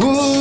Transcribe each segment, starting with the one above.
Ooh.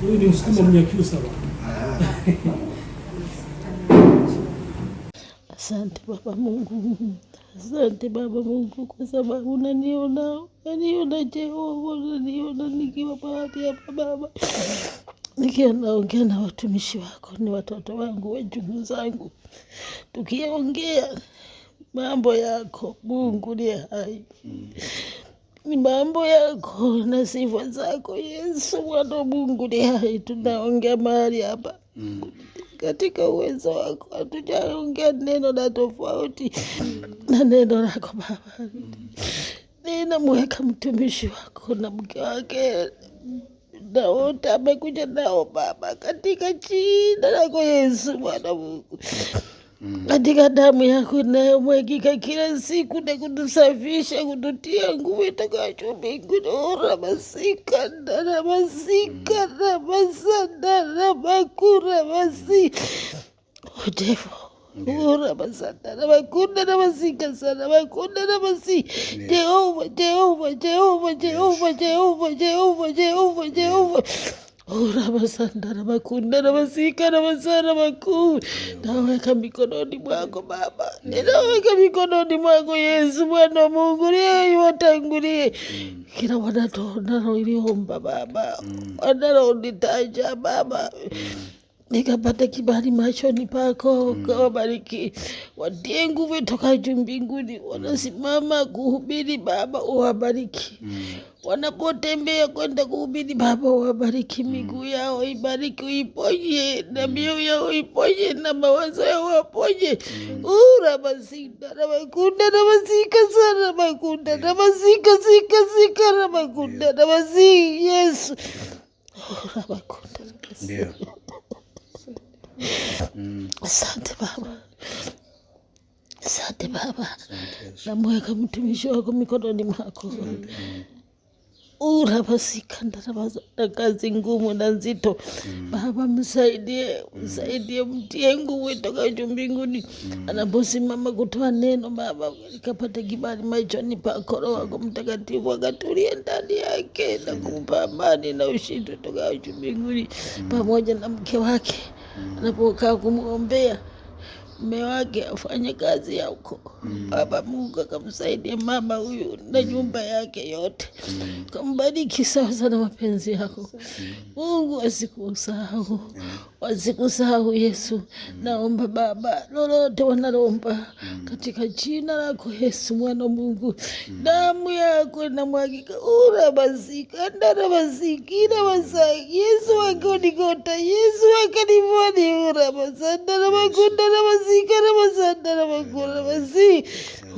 Huyu ni msukuma sana. Asante Baba Mungu, asante Baba Mungu kwa sababu unaniona, unaniona Jehova, unaniona nikiwa mahali ya Baba, nikiwa naongea na watumishi wako, ni watoto wangu, wajukuu zangu, tukiongea mambo yako. Mungu ni hai ni mambo yako na sifa zako Yesu. Bwana Mungu ni hai, tunaongea mahali hapa mm. katika uwezo wako, hatujaongea neno la tofauti mm. na neno lako Baba mm. ninamweka mtumishi wako na mke wake na wote amekuja nao Baba, katika jina lako Yesu, Bwana Mungu Mm. katika damu yako inayomwagika kila siku na kutusafisha, kututia nguvu itakacho mbinguni. oramasika daramasika ramasadarabakuramasi otevo Ora basanda na bakunda na sana bakunda na Jehova Jehova Jehova Jehova Jehova Jehova Jehova Jehova urabasanda oh, rabakunda rabasika rabasara bakuu, naweka mikononi mwako Baba, ninaweka mikononi mwako Yesu, Bwana wa Mungu liwatangulie kila wanatoonaloliomba Baba, wanalonitaja Baba nikapata kibali machoni pako, kawabariki watie nguvu toka juu mbinguni, wanasimama kuhubiri Baba, uwabariki mm wanapotembea kwenda kuhubiri, Baba wabariki mm. miguu yao, ibariki uiponye, na mioyo yao iponye, na mawazo yao waponye. Mm. uramasinda ramakunda ramasika sana ramakunda ramasika sika sika ramakunda ramasi Yesu ramakunda Asante Baba. Asante Baba, namweka mtumishi wako mikononi mwako. Mm unavyosikana na kazi ngumu na nzito mm. Baba msaidie, mm. msaidie, mtie nguvu toka juu mbinguni mm. Anaposimama kutoa neno Baba, ikapata kibali machoni pako, Roho wako mm. Mtakatifu akatulie ndani yake na mm. kumpa amani na ushindi toka juu mbinguni mm. Pamoja na mke wake anapokaa kumwombea mme wake afanye kazi ya huko mm. Baba Mungu akamsaidia mama huyu na mm. nyumba yake yote mm. Kambariki sawa sana mapenzi yako mm. Mungu asikusahau mm wasikusahau Yesu. Naomba Baba, lolote wanalomba katika jina lako Yesu mwana Mungu, damu yako inamwagika urabazika ndarabazikirabazaki Yesu wakonikota Yesu wakanivoni urabazandarabakundarabazikarabazandarabakurabazi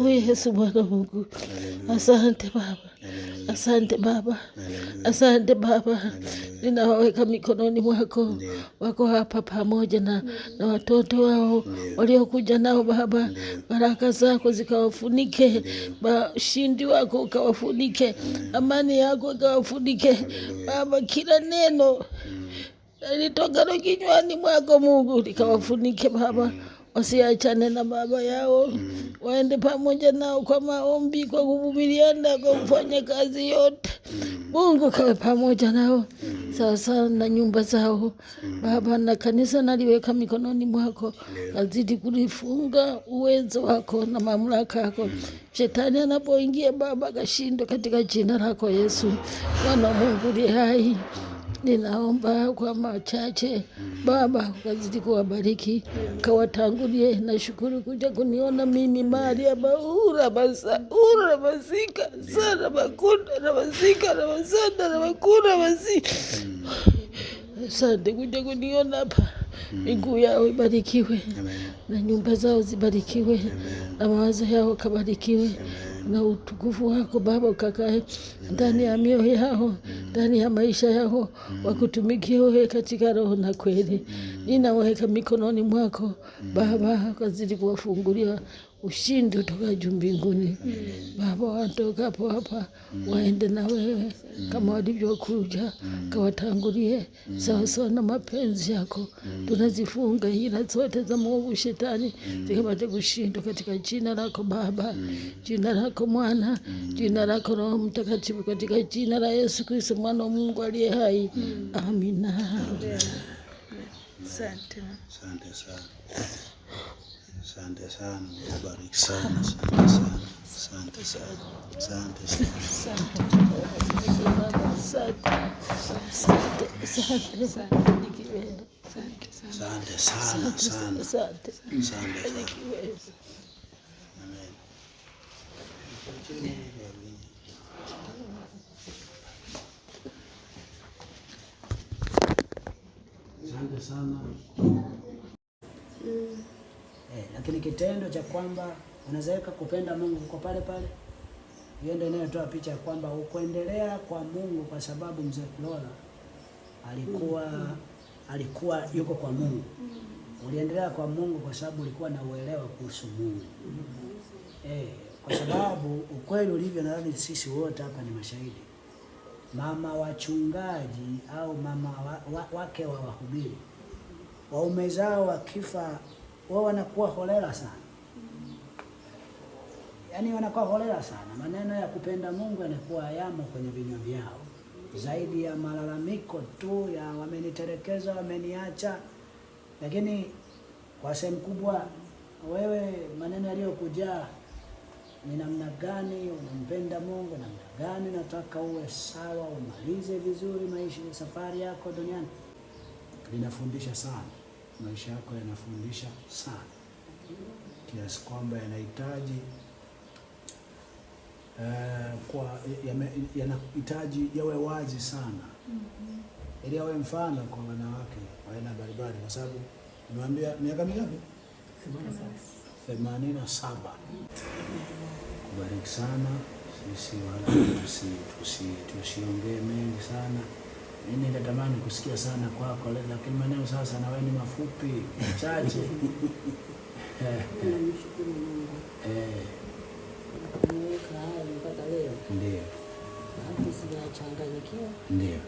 o Yesu mwana Mungu, asante Baba. Asante Baba, asante Baba, ninawaweka mikononi mwako. Wako hapa pamoja na, na watoto wao waliokuja nao Baba, baraka zako zikawafunike, ushindi wako ukawafunike, amani yako ikawafunike Baba, kila neno mm. litokalo kinywani mwako Mungu likawafunike Baba. Mm wasiachane na baba yao mm. waende pamoja nao kwa maombi, kwa kuvumiliana, kwa kufanya kazi yote mm. Mungu kawe pamoja nao mm. Sasa na nyumba zao mm. Baba, na kanisa naliweka mikononi mwako yeah. Kazidi kulifunga uwezo wako na mamlaka yako mm. Shetani anapoingia Baba, kashindwe katika jina lako Yesu, mwana wa Mungu hai mm. Ninaomba kwa machache Baba, ukazidi kuwabariki, kawatangulie. Nashukuru kuja kuniona mimi mahali abauramasika sana makunda namasika na makuna masi asante kuja kuniona hapa. Mm. miguu yao ibarikiwe na nyumba zao zibarikiwe na mawazo yao kabarikiwe na utukufu wako Baba ukakae ndani ya mioyo yao mm. ndani ya maisha yao, mm. wakutumikia wewe katika roho na kweli. Ninaweka mikononi mwako Baba, kazidi kuwafungulia ushindi utoka juu mbinguni. mm. Baba, watokapo hapa mm. waende na wewe mm. kama walivyokuja mm. kawatangulie mm. sawasawa na mapenzi yako mm. tunazifunga hila zote za mwovu shetani mm. zikapate kushindwa katika jina lako Baba mm. jina lako Mwana mm. jina lako Roho Mtakatifu katika jina la Yesu Kristo mwana wa Mungu aliye hai mm. amina. Asante sana. Asante sana, ubariki sana. Asante sana, asante sana, asante sana, asante sana, asante sana. Asante sana. Eh, lakini kitendo cha kwamba unazaweka kupenda Mungu kwa pale pale, hiyo ndio inayotoa picha ya kwamba ukuendelea kwa Mungu, kwa sababu mzee Kulola alikuwa mm -hmm. alikuwa yuko kwa Mungu mm -hmm. uliendelea kwa Mungu kwa sababu ulikuwa na uelewa kuhusu Mungu mm -hmm. eh, kwa sababu ukweli ulivyo, nadhani sisi wote hapa ni mashahidi mama wachungaji au mama wa, wa, wake wa wahubiri waume zao wakifa wao wanakuwa holela sana, yaani wanakuwa holela sana. Maneno ya kupenda Mungu yanakuwa yamo kwenye vinywa vyao, zaidi ya malalamiko tu ya wameniterekeza wameniacha. Lakini kwa sehemu kubwa, wewe maneno yaliyokujaa ni namna gani unampenda Mungu, namna gani unataka uwe sawa, umalize vizuri maisha, ya safari yako duniani, linafundisha sana maisha yako yanafundisha sana kiasi kwamba yanahitaji uh, kwa yanahitaji ya yawe wazi sana mm -hmm. ili yawe mfano kwa wanawake waena mbalimbali, kwa sababu nimewambia miaka mingapi? themanini na saba. Kubariki sana sisi wala tusiongee mengi sana Yaani nikatamani kusikia sana kwako, lakini maneno sasa na wewe ni mafupi chache. Eh, eh. eh. Ndio, ndio,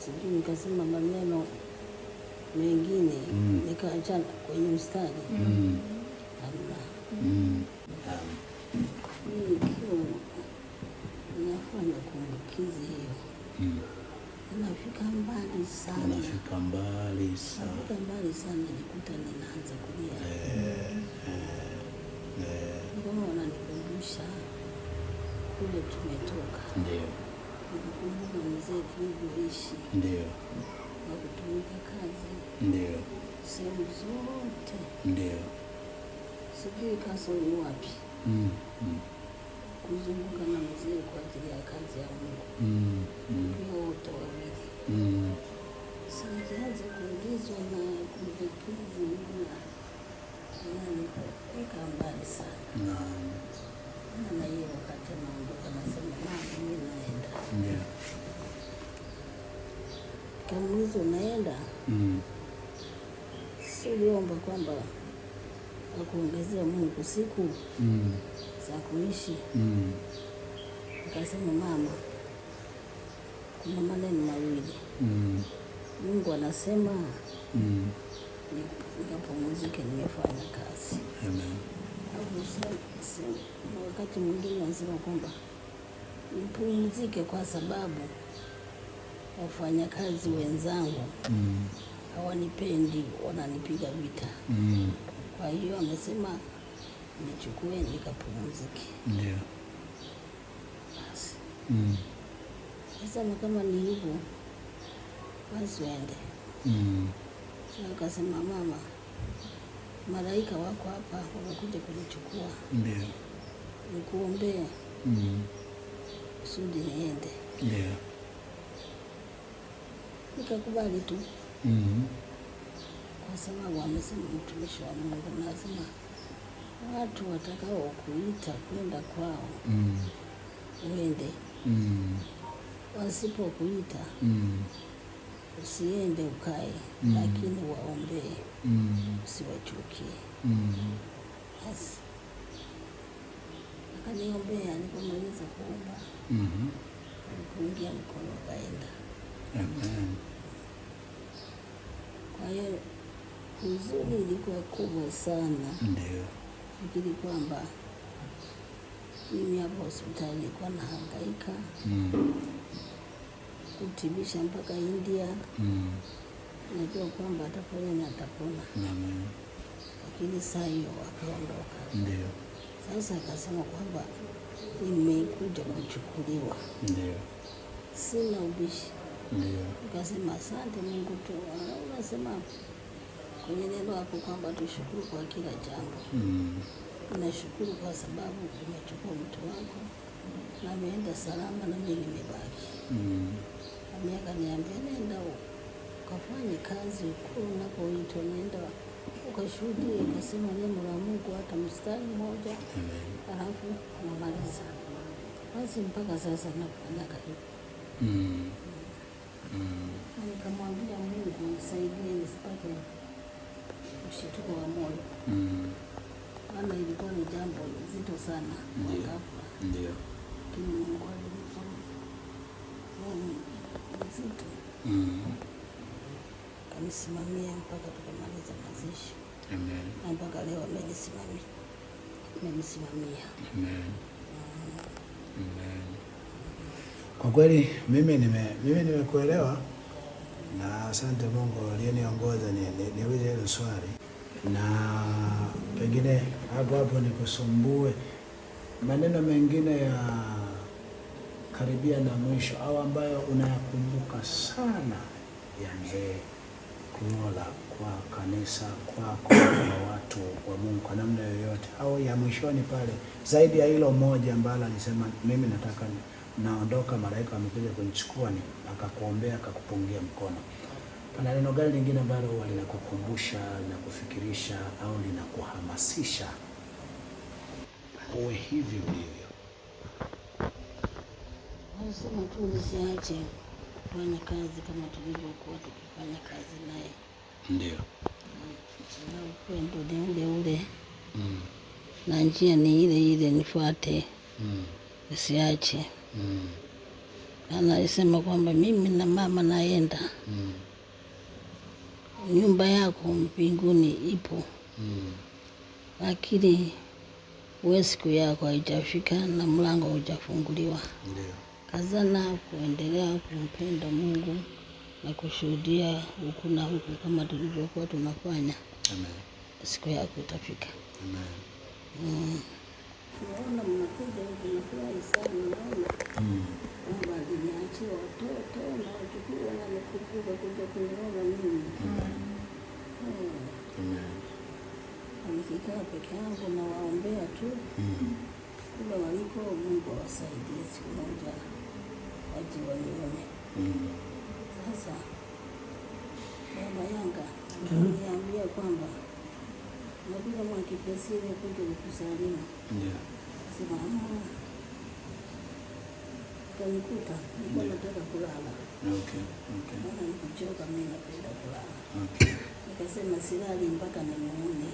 sijui nikasema maneno mengine mm. nikaachana kwenye mstari nikiwa mm. mm. nafanya kumbukizi hiyo Hmm. Nafika mbali sana, nafika mbali sana, nafika mbali sana, nikuta ninaanza kulia eh, eh, eh. ndio wananikumbusha kule tumetoka, ndio nikukumbuka mzee tulivyoishi, ndio na kutumika kazi, ndio sehemu zote, ndio sijui kasoni wapi mm. mm kuzunguka na mzee kwa ajili ya kazi ya Mungu. Ndio wote wawili. Sijaanza kuulizwa na kumbukizi na eka mbali sana. Maana hiyo wakati naondoka nasema mama mimi naenda. Yeah. unaenda? Mm. Siliomba kwamba akuongezea Mungu siku mm. za kuishi mm. Akasema mama, kuna maneno mawili mm. Mungu anasema mm. nikapumzike, nimefanya kazi Amen. Wakati mwingine anasema kwamba nipumzike kwa sababu wafanyakazi wenzangu mm. hawanipendi, wananipiga vita mm. hiyo amesema nichukue nikapu muziki basi kasema mm. kama niuvu wasi ende mm. nakasema mama malaika wako hapa awakuta kulichukua nkuumbe mm. kusudiniende nikakubalitu Nasema Mwamisi ni mtumishi wa Mungu, nasema watu watakao kuita kwenda kwao uende mm. mm. wasipokuita mm. usiende ukae mm. lakini waombee mm. usiwachukie mm. basi akaniombea, nilipomaliza kuomba mm -hmm. mkono akaenda Amen. Kwa hiyo Huzuni ilikuwa kubwa sana, ndio lakini kwamba mimi hapa hospitali nilikuwa nahangaika mm. kutibisha mpaka India mm. najua kwamba atapona na atapona mm. lakini saa hiyo akaondoka. Ndio sasa akasema kwamba nimekuja kuchukuliwa, ndio sina ubishi. Ndio nikasema asante Mungu tu, ah, unasema kwenye neno hapo kwamba tushukuru kwa kila jambo mm. Nashukuru kwa sababu umechukua mtu wangu na ameenda salama na mimi nimebaki mm. Amiaka niambia nenda ukafanye kazi huko unakoitwa, nenda ukashuhudie ukasema neno la Mungu hata mstari mmoja mm. Alafu namaliza basi, mpaka sasa nakufanya karibu mm. mm. Nikamwambia Mungu nisaidie nisipate mshituko wa moyo mm. Maana ilikuwa ni jambo zito sana kwa ndio lakini Mungu mzito mm. kanisimamia mpaka tukamaliza mazishi na mpaka leo amenisimamia, amenisimamia. Mm. Kwa kweli mimi nime mimi nimekuelewa na asante Mungu aliyeniongoza niulize hilo swali, na pengine hapo hapo nikusumbue maneno mengine ya karibia na mwisho au ambayo unayakumbuka sana ya mzee Kung'ola kwa kanisa kwako kwa watu wa Mungu kwa namna yoyote, au ya mwishoni pale, zaidi ya hilo moja ambalo alisema mimi nataka naondoka, malaika amekuja kunichukua, ni akakuombea akakupungia mkono. Pana neno gani lingine ambalo huwa linakukumbusha linakufikirisha au linakuhamasisha uwe hivi ulivyo? Nasema tu usiache kufanya kazi kama tulivyokuwa tukifanya kazi naye, ndio na upendo ni ule ule mm. na njia ni ile ile, nifuate mm. usiache mm. anasema kwamba mimi na mama naenda mm. nyumba yako mbinguni ipo mm. lakini we siku yako haijafika na mlango haujafunguliwa. Kazana kuendelea kumpenda Mungu na kushuhudia huku na huku kama tulivyokuwa tunafanya. Amen. Siku yako itafika. Amen kuja kulipa hisani naona kwamba viliachia watoto na wachukua wamekukuka kuja kunioa mimi nikikaa peke yangu nawaombea tu kula waliko, Mungu awasaidie siku moja waje wanione. Sasa baba Yanga niambia kwamba nakuja Mwakipesile kuja kukusalimu simama kwenye kuta, nilikuwa nataka kulala, maana nikuchoka, mimi napenda kulala. Nikasema silali mpaka nimuone,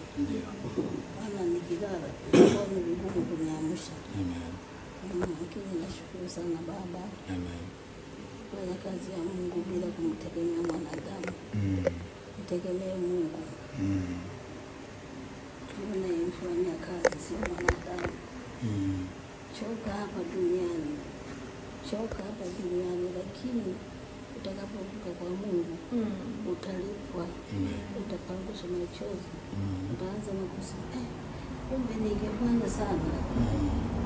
maana nikilala ilikuwa ni vigumu kuniamsha. Mm, lakini nashukuru sana Baba kufanya kazi ya Mungu bila kumtegemea mwanadamu, mm. mtegemee Mungu, mm. tuone mfanya kazi sio mwanadamu choka hapa duniani, choka hapa duniani, lakini utakapovuka kwa Mungu mm. utalipwa mm. utapangusha machozi mm. utaanza na kusema eh, kumbe ningefanya sana mm.